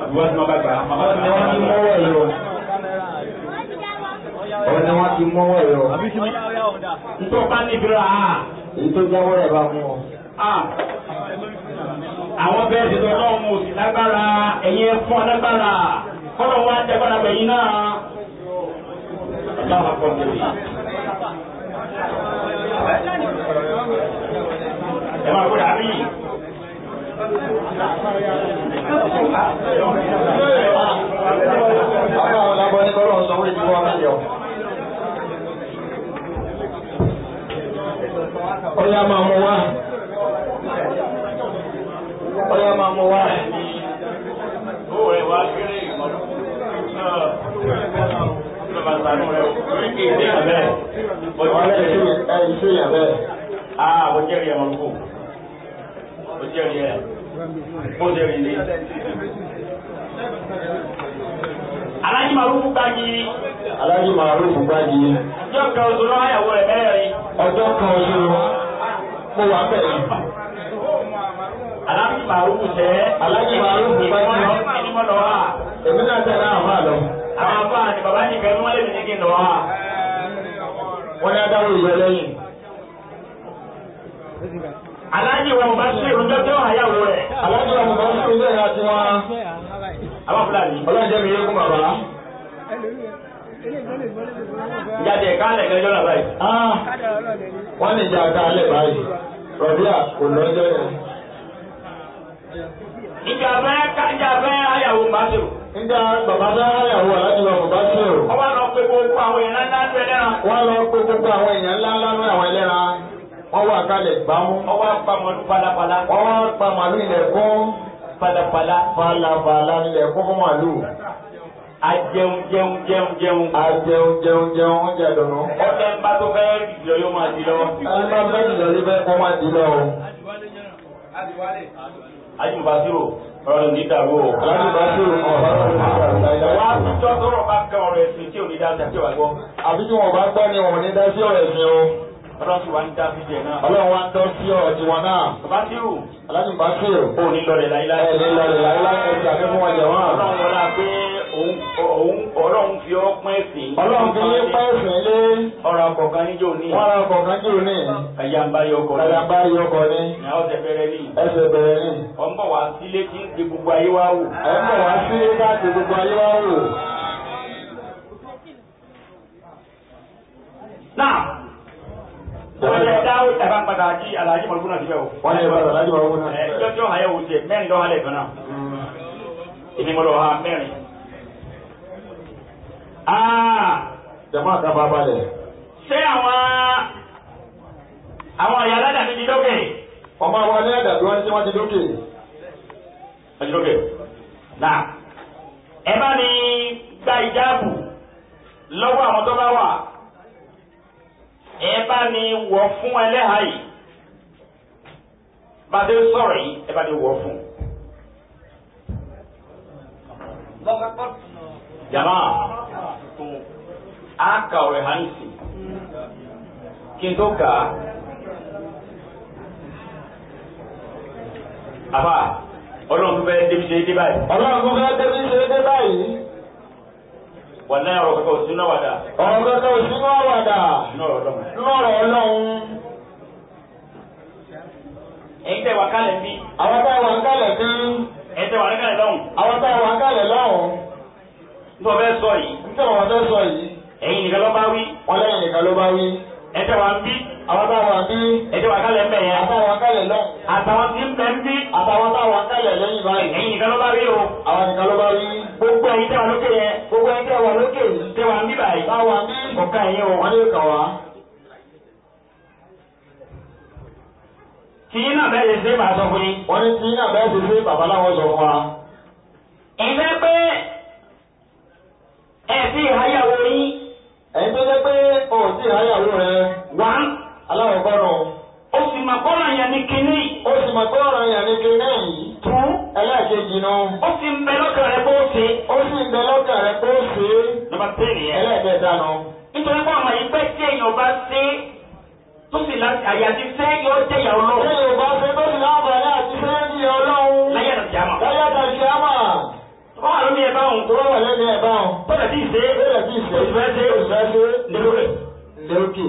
àbúrò tí wọ́n bá gbà á. o ni wọ́n ti mú wáyé o ọ̀rọ̀ ni wọ́n ti mọ́wọ́ yọ. ntọ́ bá níbi rà á. èyí tó jáwọ́ rẹ̀ bá mú ọ. àwọn bẹ́ẹ̀ ti lọ́nà ọmọ òsì lágbára ẹ̀yin ẹ̀fọn lágbára kọ́lọ̀ wá dẹ́gbára bẹ̀yìn náà. ọlọ́run akọ mi rí. ẹ máa gbọ́dọ̀ àbí. Àwọn ọ̀làbọ̀ ní kọ́lọ̀ sọ wípé wọ́n yọ. máa mú wá. mo jẹ́rìí ẹ̀ mọ̀lúkù mo jẹ́rìí ẹ̀ mo jẹ́rìí ní. alájí màrúfù gbági. alájí màrúfù gbági. ọjọ́ kan oṣù lọ́wọ́ àyàwó rẹ̀ mẹ́rin. ọjọ́ kan oṣù mo wà bẹ̀rẹ̀. alájí màrúfù jẹ́. alájí màrúfù gbági. ìmọ̀ lọ́wọ́. èmi náà tẹ̀lé àwọn àlọ́ àwọn afáà ni bàbá nìkan ní wọ́n lè ní kí n lọ wá. wọ́n ní adáwọ̀ ìyọ lẹ́yìn. aláàjì wọn bá ṣe ìrújọ tó àyàwó rẹ̀. aláàjì wọn bá ṣe ìrújọ ìyá tí wọn. àwọn fúlàní. ọlọ́jẹ́ mi yé kún bàbá. ìjáde ẹ̀ka alẹ̀ kẹjọ́ là ah, wọ́n ní ìjà ẹ̀ka alẹ̀ báyìí. rọ̀bíà kò lọ́jọ́ yẹn. ìjà fẹ́ ká fẹ́ àyàwó bá Nígbà bàbá náà yàwó aláàjì wa bàbá sí o. Wọ́n lọ pe gbogbo àwọn èèyàn ńlá ńlá ẹlẹ́ra. Wọ́n lọ pe gbogbo àwọn èèyàn ńlá ńlá ní àwọn ẹlẹ́ra. Wọ́n wà kalẹ̀ gbámú. Wọ́n wá pa màlúù palapala. Wọ́n wá pa màlúù ilẹ̀ fún. Palapala. Palapala ilẹ̀ fún fún màlúù. A jẹun jẹun jẹun jẹun. A jẹun jẹun jẹun oúnjẹ dùnú. Ọ̀sẹ̀ ń bá tó fẹ́ jùlọ yóò máa di lọ. Ẹ ọ̀rọ̀ ní ìdàgbò láti bá sí ọ̀rọ̀ wá tó tọrọ bá kan ọ̀rọ̀ ẹ̀sìn tí ò ní dáadáa ni wọn ò ní dá sí ọ̀rọ̀ ẹ̀sìn o. ọlọ́run ti wá ń dá sí jẹ náà. ọlọ́run wá ń dán sí ọ̀rọ̀ tiwọn náà. bàbá tí ò. aláàbí bá sí ò. ò ní lọlẹ̀ láíláí. ẹ̀ ní lọlẹ̀ òun ọlọ́run fi ọ́ pín ẹ̀sìn. ọlọ́run fi yín pín ẹ̀sìn lé. ọ̀rọ̀ àkọ̀kan níjó ní. wọ́n ra àkọ̀kan níjó ní. àyàmbá yọkọ ní. àyàmbá yọkọ ní. ní àwọn ọ̀sẹ̀ bẹ̀rẹ̀ ní. ẹsẹ̀ bẹ̀rẹ̀ ní. ọmọ wa sílé tí ń gbé gbogbo ayé wa wò. ọmọ wa sílé tí ń gbé gbogbo ayé wa wò. náà wọ́n mm. ha mẹ́rin. Ah, jama àkàfà balẹ̀. ṣé àwọn àwọn àyà aládà ọmọ àwọn alẹ́ ti gba ìjáàbù lọ́wọ́ àwọn tó bá wà ẹ bá mi wọ̀ fún ẹlẹ́hàá yìí bá a ti sọ̀rọ̀ yìí ẹ jamaa a kà ọ̀rẹ́ hàn sí kí n tó kà á àbá ọlọ́run tó fẹ́ débi ṣe é dé báyìí. ọlọ́run tó fẹ́ débi ṣe é dé báyìí. wà náà ọ̀rọ̀ kẹkẹ òsínú àwàdà. ọ̀rọ̀ kẹkẹ òsínú àwàdà. lọ́rọ̀ ọlọ́run. ẹ̀yin tẹ́ wà kálẹ̀ bí. àwọn tá wà kálẹ̀ bí. ẹ̀yin tẹ́ wà kálẹ̀ lọ́hùn. àwọn tá wà kálẹ̀ lọ́hùn ní ọbẹ̀ sọ yìí. ní ọbẹ̀ wọn fẹ́ sọ yìí. ẹ̀yin nìkan ló bá wí. wọn lẹ́yìn nìkan ló bá wí. ẹ̀jẹ̀ wa ń bí. àwọn bá wa bí. ẹ̀jẹ̀ wa kálẹ̀ mbẹ̀ yẹn. àbá wa kálẹ̀ lọ. àtàwọn tí ń bẹ ń bí. àtàwọn bá wa kálẹ̀ lẹ́yìn báyìí. ẹ̀yin nìkan ló bá wí o. àwọn nìkan ló bá wí. gbogbo ẹ̀yin tẹ́ wà lókè yẹn. gbogbo ẹ̀yin tẹ́ wà lókè yìí. tẹ́ wà ń bí báyìí. bá wa bí. ọ̀ka ẹ̀yin o. wọ́n ní ẹ̀fí ìháyàwó yín ẹ̀yin tó jẹ́ pé o ò tí wá aláwọ̀kọ́ o sì mà kọ́ yẹn ní o sì mà kọ́ yẹn ní kinní yìí. ẹlẹ́ẹ̀kejì nù. ó sì ń bẹ lọ́kàn rẹ ṣe. sì ń bẹ lọ́kàn rẹ ṣe. ẹlẹ́ẹ̀kẹta nù. nítorí pé ọmọ yìí pẹ́ tí èèyàn bá ṣe tó sì la àyàtí fẹ́ yọ fẹ́ tó sì láǹfààní àti fẹ́ yọ láyé tọ́ba ah, wà lómi ẹ̀ báwọn tọ́ba wà lẹ́nu ẹ̀ báwọn tọ́lẹ̀ tí ì ṣe tọ́lẹ̀ tí ì ṣe òṣìṣẹ́ ṣe òṣìṣẹ́ ṣe lókè lókè.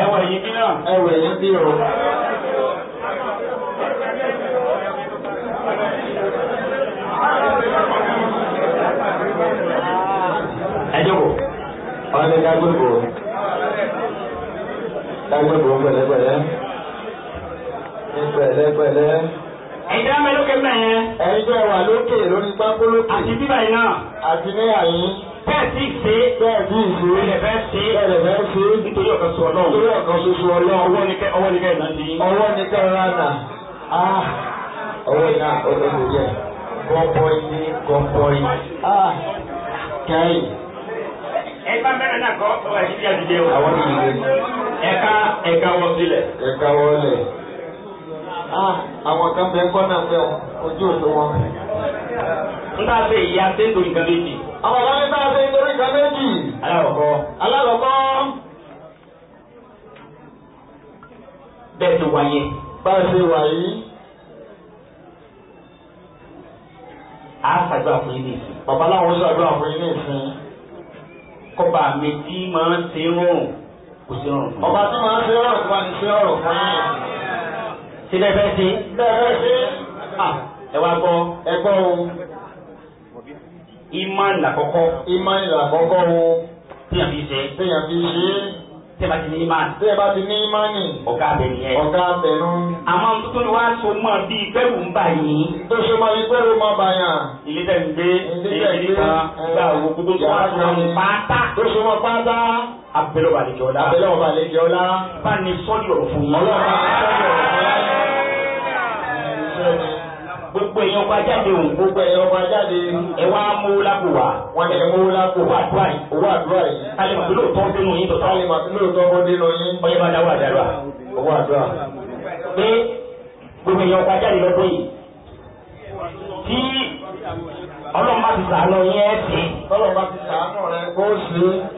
ẹwẹ̀ yìí bí náà ẹwẹ̀ yìí bí o. ní kágbébò kágbébò pẹ̀lẹ́pẹ̀lẹ́ ní pẹ̀lẹ́pẹ̀lẹ́. ẹ̀dá mẹ́lókè mẹ́ẹ̀. ẹ̀yin jẹ́ wà lókè lórí pákó lókè. àti bíbá yìí náà. àti ní àyín. bẹ́ẹ̀ sì ṣe. bẹ́ẹ̀ sì ṣe. bẹ́ẹ̀ fẹ́ ṣe. bẹ́ẹ̀ fẹ́ ṣe. nítorí ọ̀kan ṣoṣo ọlọ́run. nítorí ọ̀kan ṣoṣo ọlọ́run. ọwọ́ ni kẹ́ ọwọ́ ni kẹ́ ìrántí. ọwọ́ ni kẹ́ ìrántí. ah ọwọ́ ìná ọlọ́run jẹ́ gọ́bọ́ì ní gọ́bọ́ì. ah kẹ́yìn. kọ́ ẹ̀ ṣíṣe àdìde o. àwọn ti dìde. ẹ̀ka ẹ̀ka wọ sílẹ̀. ẹ̀ka wọ lẹ̀. Ah, àwọn kan bẹ kọ́nà pẹ́ ojú òdo wọn. n ta se ìyá se ń torí nǹkan àwọn kan ní ta se torí bẹ́ẹ̀ ti a ṣe wà yìí. fún kọba mi tí máa ń ṣe rọrùn kò ṣe rọrùn fún mi. ọba tí máa ń ṣe rọrùn fún wa ni ṣe rọrùn fún yín. ṣé bẹ́ẹ̀ bẹ́ẹ̀ ṣe. bẹ́ẹ̀ bẹ́ẹ̀ ṣe. ẹ wá gbọ́. ẹ gbọ́ o. ìmánì làkọ́kọ́. ìmánì làkọ́kọ́ o. téèyàn fi ṣe. téèyàn fi ṣe tẹ́lá ti ní imáni. tẹ́lá ti ní imáni. ọ̀gá abẹ nìyẹn. ọ̀gá abẹ nù. àmọ́ tuntun ni wàá so mọ́ bíi gbẹ́rù ń bà yín. tó so mọ́ bíi gbẹ́rù mọ́ bà yàn. ilé tẹ̀ ń gbé ilé kan gba owó kó tó wàá so mọ́ pátá. tó so pátá. abẹ́lẹ́ wà lè jọ la. abẹ́lẹ́ wà lè jọ la. bá a ní sọ́ọ̀dì ọ̀rọ̀ fún yín. ọlọ́run sọ́ọ̀dì ọ̀rọ̀ fún yín gbogbo èèyàn ọba jáde o. gbogbo èèyàn ọba jáde. ẹ wá mú lápò wá. wọn ní ẹ mú lápò. owó àdúrà yìí. owó àdúrà yìí. kálí màbí lóòótọ́ dénú yín tọ́tọ́. kálí màbí lóòótọ́ bó dénú yín. ọyẹ bá dáwọ́ àdúrà. owó àdúrà. pé gbogbo èèyàn ọba jáde lọ́dọ̀ yìí. tí ọlọ́run bá ti sàánú yẹn ẹ̀ sí. ọlọ́run bá ti sàánú rẹ̀ kó sí.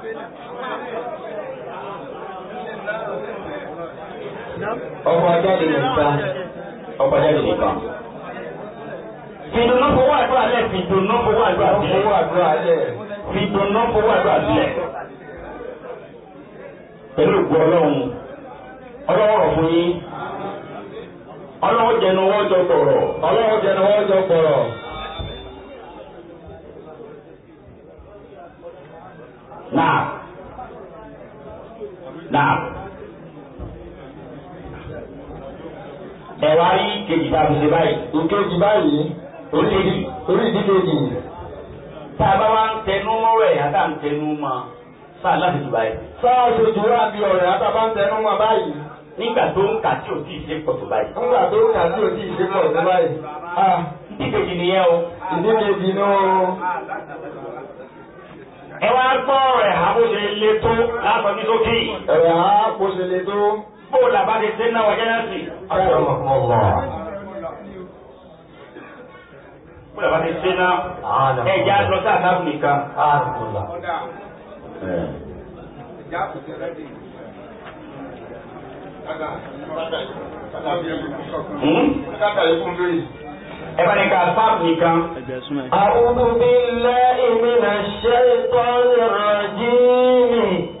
ọkọ̀ ajáde nìkan ọkọ̀ ajáde nìkan. Fìdùnnú fowó àdúrà lẹ̀ fìdùnnú fowó àdúrà sílẹ̀. Fowó fowó àdúrà sílẹ̀. Pẹ̀lú ògbó ọlọ́run, ọlọ́wọ́ rọ̀ yín. Ọlọ́wọ́ jẹnu wọ́n jọ pọ̀rọ̀. Ọlọ́wọ́ jẹnu jọ pọ̀rọ̀. ẹ̀wá rí kejì tàbíṣe báyìí ìkejì báyìí orí ìdíkejì tá a bá wá ń tẹnu mọ́rọ̀ ẹ̀yà tá à ń tẹnu mọ́ sáà láti jù báyìí. sáà ṣe jù wá bí ọ̀rẹ́ àtàbá ń tẹnu mọ́ báyìí. nígbà tó ń kà tí ò tí ì ṣe pọ̀ tó báyìí. nígbà tó ń kà tí ò tí ì ṣe pọ̀ tó báyìí. Ah, ah. ìdíkejì nìyẹn o. ìdíkejì ni o ẹ wá gbọ́ ọ̀rẹ̀ àbóṣe le tó láàbọ̀ ní bó o làbá ti ṣe náà wájá náà sí. bó o làbá ti ṣe náà ẹja lọ sí àdáàbò nìkan. Ẹ̀bá hmm? ni ká sáàpù nìkan. A'udhu billahi minash shaitanir rajim.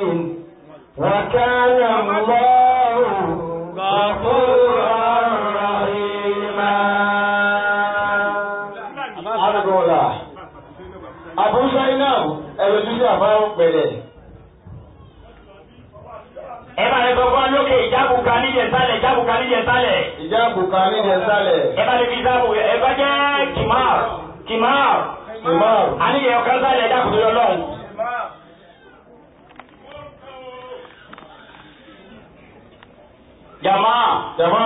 وكان الله غفورا رحيما Adébọ́lá, Àbúṣá iná ẹ̀rọ títí àbáwọ̀ pẹ̀lẹ̀. Ẹ bá lè gbọ́gbọ́ lókè ìjábùka níjẹ̀ sálẹ̀, ìjábùka níjẹ̀ sálẹ̀. Ìjábùka níjẹ̀ sálẹ̀. Ẹ bá lè fi ìjábù, ẹ bá jẹ́ kìmáàrù, kìmáàrù. Àníyẹ̀ ọ̀kan sálẹ̀ ìjábùka lọ́lọ́run. jàmá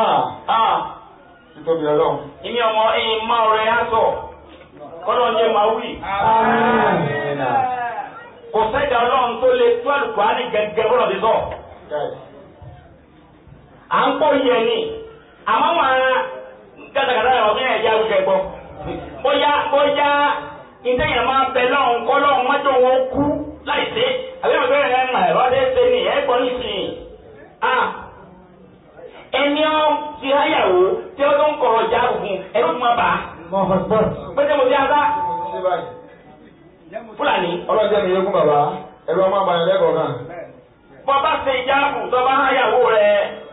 a títóbi ọlọ́run. ìmí ọmọ ẹyin má ọ̀rẹ́ á sọ kọlọ ń jẹ máa wí. kò sẹ́dá ọlọ́run tó lè tú àlùkò á ní gẹ́gẹ́ bọ́lọ̀ ti sọ. à ń pọ̀ yẹ ni àmọ́ wọn gàdàgàdà ọ̀rọ̀ mi ẹ̀ yá wíkẹ́ gbọ́. bóyá bóyá ìdẹ́yẹ̀ máa bẹ lọ́run kọ́ lọ́run mọ́jọ́ wọn kú láì sí. àbí àwọn ìbéèrè ẹ̀ ń mà ẹ̀rọ dé ṣe ni ẹ̀ gbọ́ nísìnyí ẹni ọ ti háyàwó tí ó tó ń kọ̀rọ̀ ìjà àbùkún ẹni ó tún máa bà á. pété mo ti hàn sá. fúlàní. ọlọ́jẹ́ mi yókùn bàbá ẹ̀rọ ọmọ àbáyọ lẹ́kọ̀ọ́ náà. bọ́ bá ṣe ìjà àbùkún tó bá háyàwó rẹ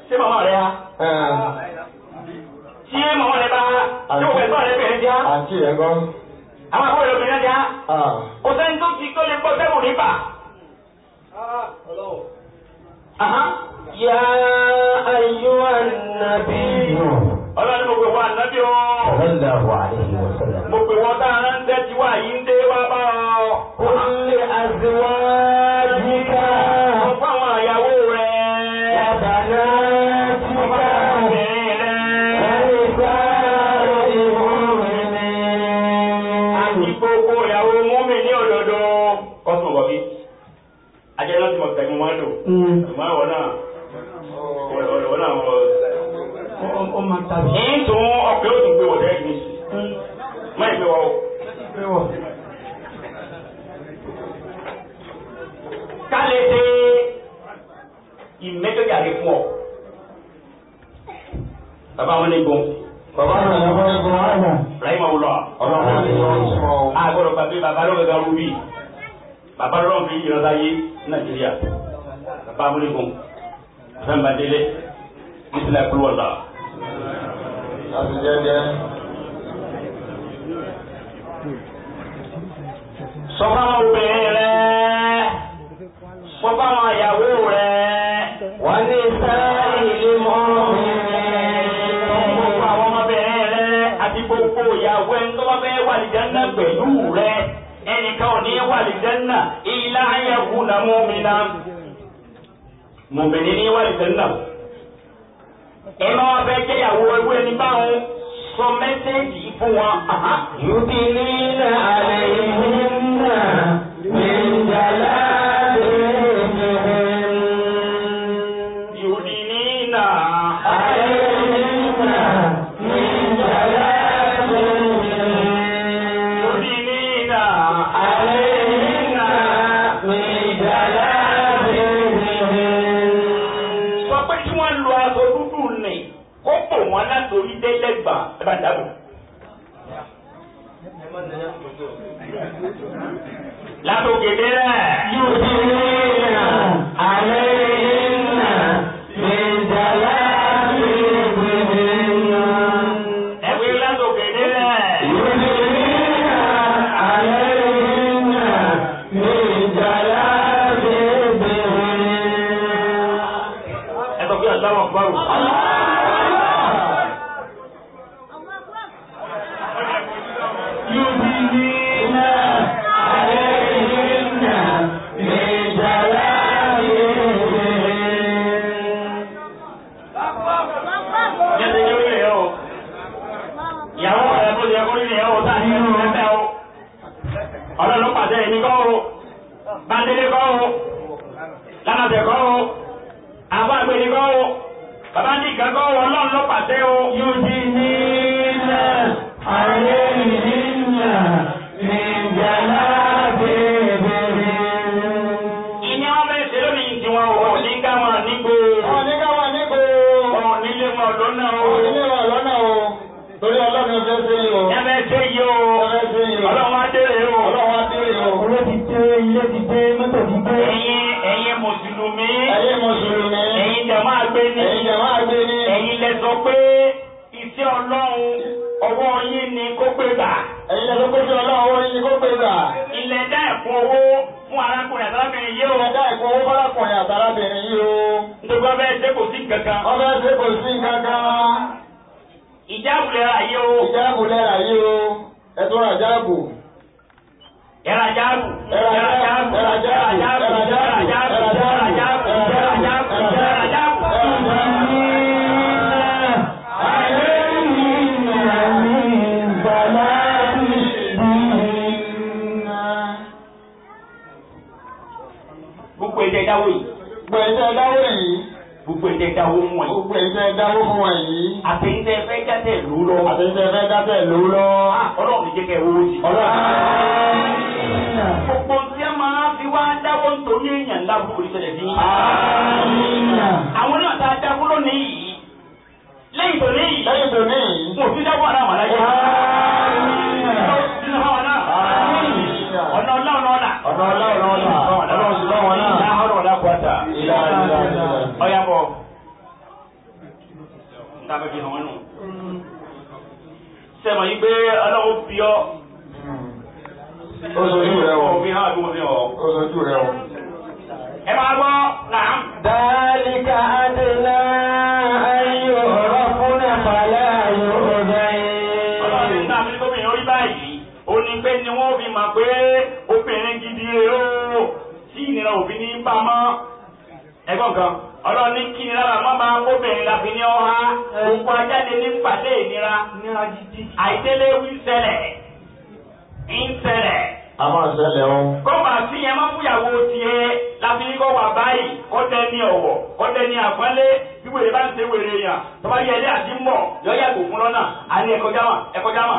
ṣé màmá rẹ ha. tí màmá rẹ bá tí mo fẹ́ gbọ́ rẹ bẹ̀rẹ̀ já. àǹtí ẹ̀ àwọn àbúrò rẹ bẹ̀rẹ̀ já. kò sẹ́ni tó ti tó lè gbọ́ sẹ́wọ̀n nípa. Ah, yàrá nàbí. ọlọ́run mo pè wọ́n ànábì o. sọlá ń dà mo pè wọ́n tá ń dẹ́ tiwa yìí méjì lọ sáyé nàìjíríà bàbá amúlẹ̀kùn fẹ́mi adélé nísìlẹ̀ kúlú ọ̀la. sọ fáwọn obìnrin rẹ sọ fáwọn ìyàwó rẹ wà ní sẹ́yìn ilé mọ́. gbogbo ìyàwó ẹni tó bá fẹ́ wà lìjánná pẹ̀lú rẹ ẹnìkan ò ní wà lìjánná innahu la mu'mina mùmìnì ní wà lìtẹ̀ náà ẹ bá wà fẹ́ jẹ́yàwó ẹgbẹ́ ní báwọn sọ mẹ́sẹ́ẹ̀jì fún wọn. yóò dín ní lọ́nà o. Òun ní Torí ọlọ́run fẹ́ sí o. nǹkan kan. ọba ṣe kò sí nǹkan kan. o. ìjáàbù lẹ́ra o. ẹ tó ra jáàbù. ẹ̀rà jáàbù. ẹ̀rà jáàbù. ẹ̀rà jáàbù. ẹ̀rà jáàbù. tẹ dáwó fún wọn yìí. gbogbo èyí tẹ dáwó fún wọn yìí. àtẹ̀yìn tẹ fẹ́ dátẹ̀ ló lọ. àtẹ̀yìn tẹ fẹ́ dátẹ̀ ló lọ. Ah, ọlọ́run jẹ́ kẹ́ owó jì. gbogbo tí máa fi wá dáwọ́ nítorí èèyàn ńlá burúkú ìṣẹ̀lẹ̀ sí. àwọn náà tá a dáwó lónìí yìí lẹ́yìn tó ní yìí. lẹ́yìn tó ní yìí. mo ti dáwọ́ àrà màláyé. ọ̀nà ọlá ọ̀nà ọ̀la. ọ̀nà ọlá ọ̀nà ọ̀la. ọ̀nà ọlá ọ̀nà ọ̀la. ọ̀nà ọ̀la ọ̀nà ọ̀la. tábẹ́ fi hàn nù. sẹ́mọ̀ mm. yìí pé ọlọ́run fi ọ́. ó sojú rẹ wọ. òfin hàn àdúgbò fi hàn. ó sojú rẹ wọ. ẹ máa gbọ́ làám. dáríkà àdínà ayò rọ́fúnà ni wọ́n fi mọ̀ pé obìnrin gidi rèé o tí ìnira òfin ní bá mọ́ ẹ̀gbọ́n kan tọ́lọ ní kí ni lára má máa obìnrin la fi ní ọ ha gbogbo ajáde ní pàdé ìnira àìdélé wí ṣẹlẹ̀ ń ṣẹlẹ̀. a máa ṣẹlẹ̀ o. kọ́mà sí yẹn má fúyàwó tiẹ̀ láti ní kọ́ wà báyìí kọ́ tẹ ní ọ̀wọ̀ kọ́ tẹ ní àpọ́nlé bí wèrè bá ń ṣe wèrè yàn tọ́ba yẹ ilé àti mọ̀ yọ yàgò fún lọ́nà àní ẹ̀kọ́ jámà ẹ̀kọ́ jámà.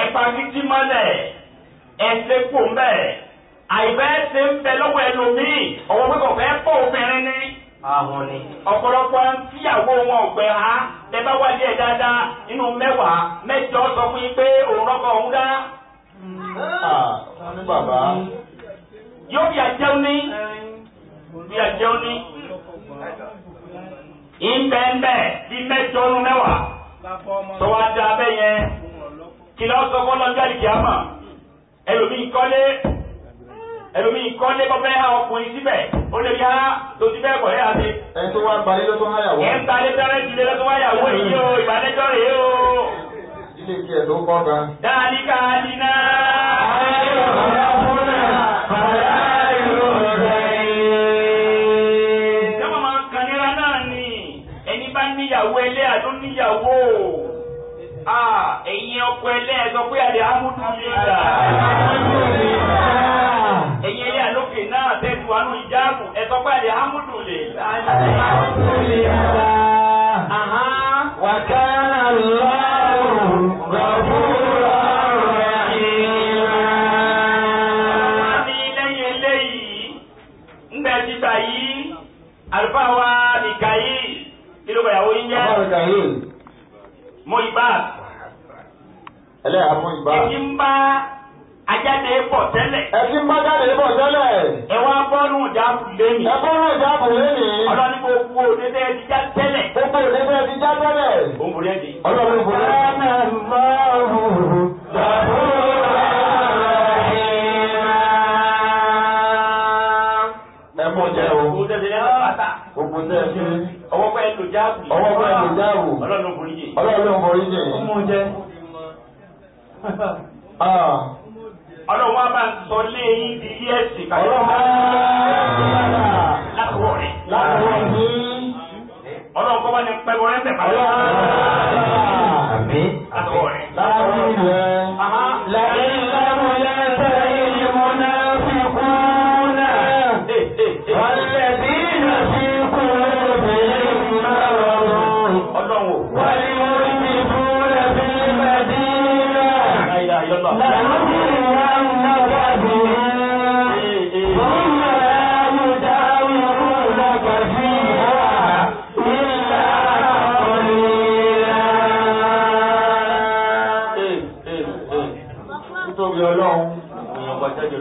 ẹ̀pà kìtìmọ́lẹ̀ àìfẹ́ ṣe ń bẹ lọ́wọ́ ẹlòmíì ọ̀wọ́ pé kò fẹ́ pọ̀ obìnrin ní. ọ̀pọ̀lọpọ̀ tíyàwó wọn ọ̀gbẹ́ ha ẹ bá wá díẹ̀ dáadáa nínú mẹ́wàá mẹ́jọ sọ fún yín pé òun rọ́kọ̀ ọ̀hún dá. Ah, bàbá yóò bí àjẹun ní bí àjẹun ní. ìbẹ̀ẹ̀bẹ̀ bí mẹ́jọ nínú mẹ́wàá tó wá dá abẹ́ yẹn kí lọ́sọ̀kọ́ lọ́jọ́ ìkíyàmọ̀ ẹlòmíì kọ́lé ẹlòmíì kọ́ ní kọ́fẹ́ ha ọkùnrin síbẹ̀ ó lè yá tó ti bẹ́ẹ̀ kọ̀lẹ́ àti. ẹ tó wá gbalẹ̀ lọ́tọ́ háyàwó. ẹ ń gbalẹ̀ tẹ́lẹ̀ jùlẹ̀ lọ́tọ́ háyàwó yìí o ìbànújọ́ rèé o. ilé kí ẹ ló kọ́ ga. dáadé káàdì náà. ẹ̀yin ọkọ̀ ẹlẹ́ẹ̀sọ pé àdé amúdùn mi dà. الحمد لله ìjáàbù lẹ́yìn. ẹ kọ́rọ̀ ìjáàbù lẹ́yìn. ọlọ́ni kò kú òdede ti já tẹ́lẹ̀. gbogbo òdede ti já tẹ́lẹ̀. òun bò lẹ́yìn. ọlọ́run bò lẹ́yìn. gbogbo tẹ ẹ ṣe. ọwọ́ pẹ́ lò jáàbù. ọwọ́ pẹ́ lò jáàbù. ọlọ́run borí jẹ. ọlọ́run borí wa máa ah. sọ lé yín di yẹ́sì. ọlọ́run látọwọ́ rẹ̀. látọwọ́ bá ní pẹ́ wọlé ń bẹ̀ pàdé.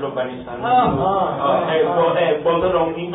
بندروں کی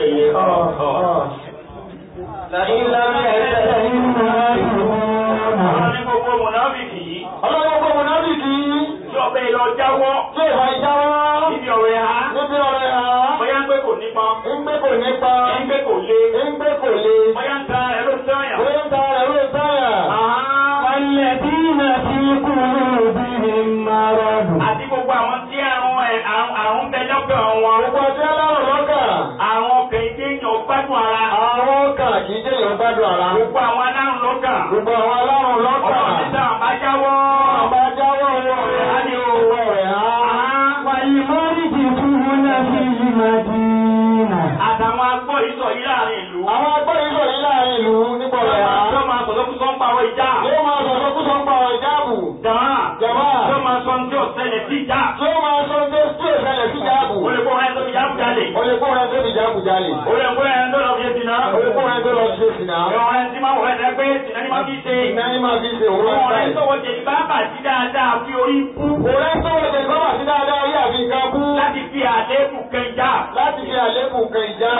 máa fi ṣe òun láti. ọ̀rẹ́ tó wọ̀jẹ̀ ìbábà sí dáadáa fi orí kú. ọ̀rẹ́ tó wọ̀jẹ̀ ìbábà sí dáadáa yà fi ká kú. láti fi àléébù kan ìjà. láti fi àléébù kan ìjà.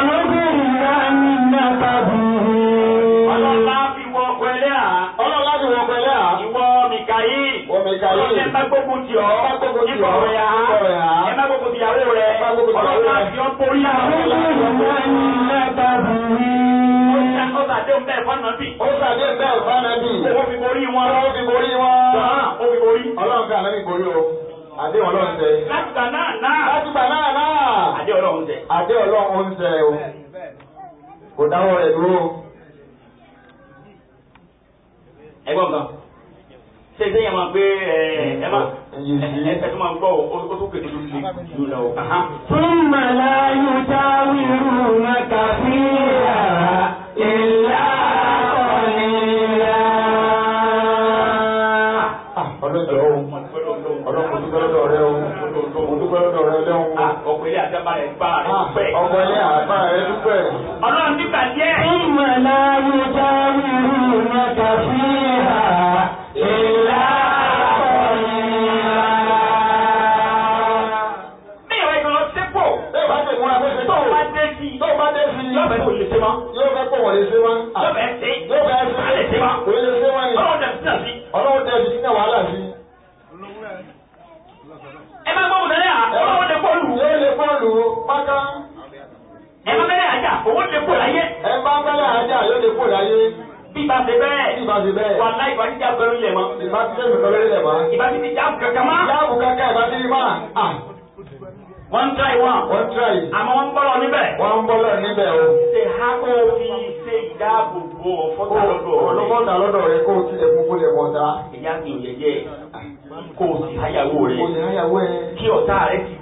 àlébù ìyá mi náà tàbí. ọlọ́lá fi wọ pẹ̀lẹ́ à. ọlọ́lá fi wọ pẹ̀lẹ́ à. ìwọ mìkàyí. wọ mìkàyí. ọlọ́lá bá gbógun tì ọ́. bá gbógun tì ọ́. ẹ má gbógun tìyàwó rẹ. ọlọ́lá fi ọ́ sàdéhùn bẹ́ẹ̀ fún ànábì. ó sàdéhùn bẹ́ẹ̀ fún ànábì. ó fi borí wọn. ó fi borí wọn. jọ̀hán ó fi borí. ọlọ́run fẹ́ ànábì borí o. Adé ọlọ́run tẹ. Láti gbà náà náà. Láti gbà náà náà. Adé ọlọ́run tẹ. Adé ọlọ́run tẹ o. Kò dáwọ́ rẹ̀ dúró. Ẹgbọ́n kan. Ṣé ṣé yẹn máa gbé ẹ máa ẹ tó máa gbọ́ o tó kéde lórí ìlú lọ. Túmọ̀ láyé táwírù náà kàfíà. rẹ̀ gba rẹ̀ dúpẹ́. ọmọlé àbá rẹ̀ dúpẹ́. ọlọ́run nígbà díẹ̀. ìmọ̀lá yóò dá irú mẹ́ta sí ìhà ìlà. Yọ̀bẹ̀ kò lè ṣe wá. Yọ̀bẹ̀ kò wọ̀lé ṣe wá. Yọ̀bẹ̀ ṣe. Yọ̀bẹ̀ ṣe. ṣe wá. Kò lè ṣe wá yìí. Ọlọ́run dẹ̀ sínà Ẹ máa gbọ́ wò lẹ́yà. Ọlọ́run bọ́ọ̀lù pátá. ẹ bá bẹ́lẹ̀ ajá owó lè kó láyé. ẹ bá bẹ́lẹ̀ ajá yóò lè kó láyé. bí ba ṣe bẹ́ẹ̀. bí ba ṣe bẹ́ẹ̀. wà láì bá jíjà bẹ́rù lẹ̀ mọ́. ìbá ti jẹ́ ìbẹ̀rù lẹ̀ mọ́. ìbá ti ti jáàbù kankan mọ́. jáàbù kankan ìbá ti rí mọ́. wọ́n tíráì wọ́n. wọ́n tíráì. àmọ́ wọ́n bọ́lọ̀ níbẹ̀. wọ́n bọ́lọ̀ níbẹ̀ o. ṣe há kó fi ṣe ìdáàbòbò ọ̀fọ́ta lọ́dọ̀ rẹ. ọ̀fọ́ta lọ́dọ̀ rẹ kó tilẹ̀ gbogbo lẹ̀ mọ̀ta. ìyá mi ò lè jẹ́ kó o sì háyàwó rẹ. kó o sì háyàwó rẹ. kí ọ̀tá rẹ ti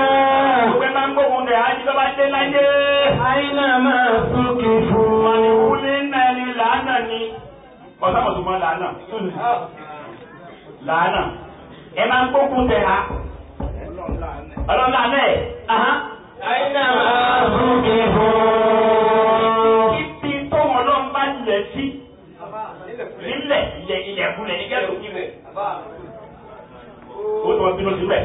Gbogbo ẹ̀ máa ń gbógun dẹ̀ ájí tó bá dé láyé. Àyínà máa fún un. Wọ́n ní kúlé náà ni làánà ni. Ọ̀sán tó máa làánà. Làánà. Ẹ máa ń gbógun dẹ̀ ha. Ọlọ́run làánà ẹ̀. Àyínà máa sókè fún un. tó wọn lọ bá lẹ̀ sí. Nílẹ̀ ilẹ̀ ilẹ̀kùn lẹ̀ ní kẹ́lò kí wẹ̀. Ó tọ́ bínú síbẹ̀.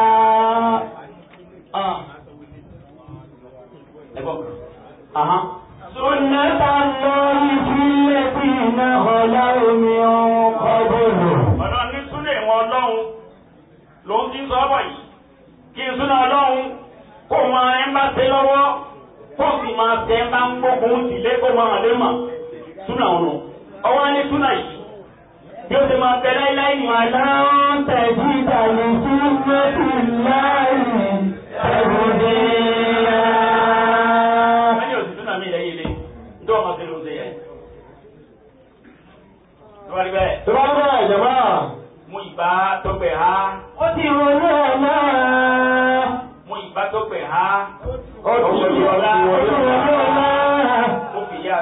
Sunnata Allahi fílẹ̀ tí iná ọlá omi ọ̀hún kọ́bọ̀rọ̀. Ọ̀nà ní Súnlẹ̀ ìwọ̀n Ọlọ́run ló ń ti sọ ọ́bọ̀ yìí. Kí n súnà Ọlọ́run kó máa ẹ bá tẹ lọ́wọ́ kó sì máa tẹ bá ń gbógun Ọwọ́ ní Súnà yìí. Bí ó ti máa tẹ láíláí ni màá dáhùn tẹ̀síta ní Súnmẹ́tì láì. tó bá rí bẹ́ẹ̀ jẹ̀mọ́. mú ìbá tó pẹ̀ há. ó ti ronú àwọn tí ó gbà. ó fi yà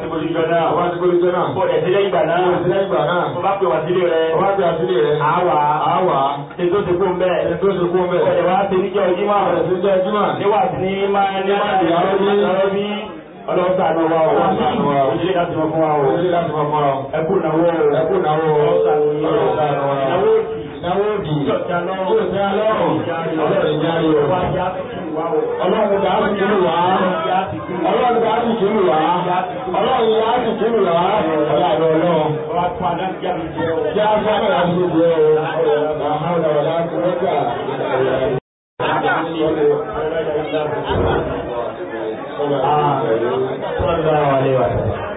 ti borí jọ náà. ọba ti borí jọ náà. bọ̀dẹ̀ sílẹ̀ ìgbà náà. bọ̀dẹ̀ sílẹ̀ ìgbà náà. ọba pè wá sílé rẹ. ọba pè wá sílé rẹ. àwa. àwa. ètò ti kún bẹ́ẹ̀. ètò ti kún bẹ́ẹ̀. bọ̀dẹ̀ wá sí níjọ́ jímọ̀. bọ̀dẹ̀ sí níjọ́ jímọ̀. níwà ní máa ní máa ní àrọ́ bí ọlọ́run sànù wa o sànù wa o ojúlé láti mọ fún wa o ojúlé láti mọ fún wa o ẹkú náwó o ẹkú náwó o ọlọ́run sànù wa o ìnáwó náwó òdì yóò tẹ́ alọ́rùn ọlọ́run járe o ọlọ́run ọlọ́run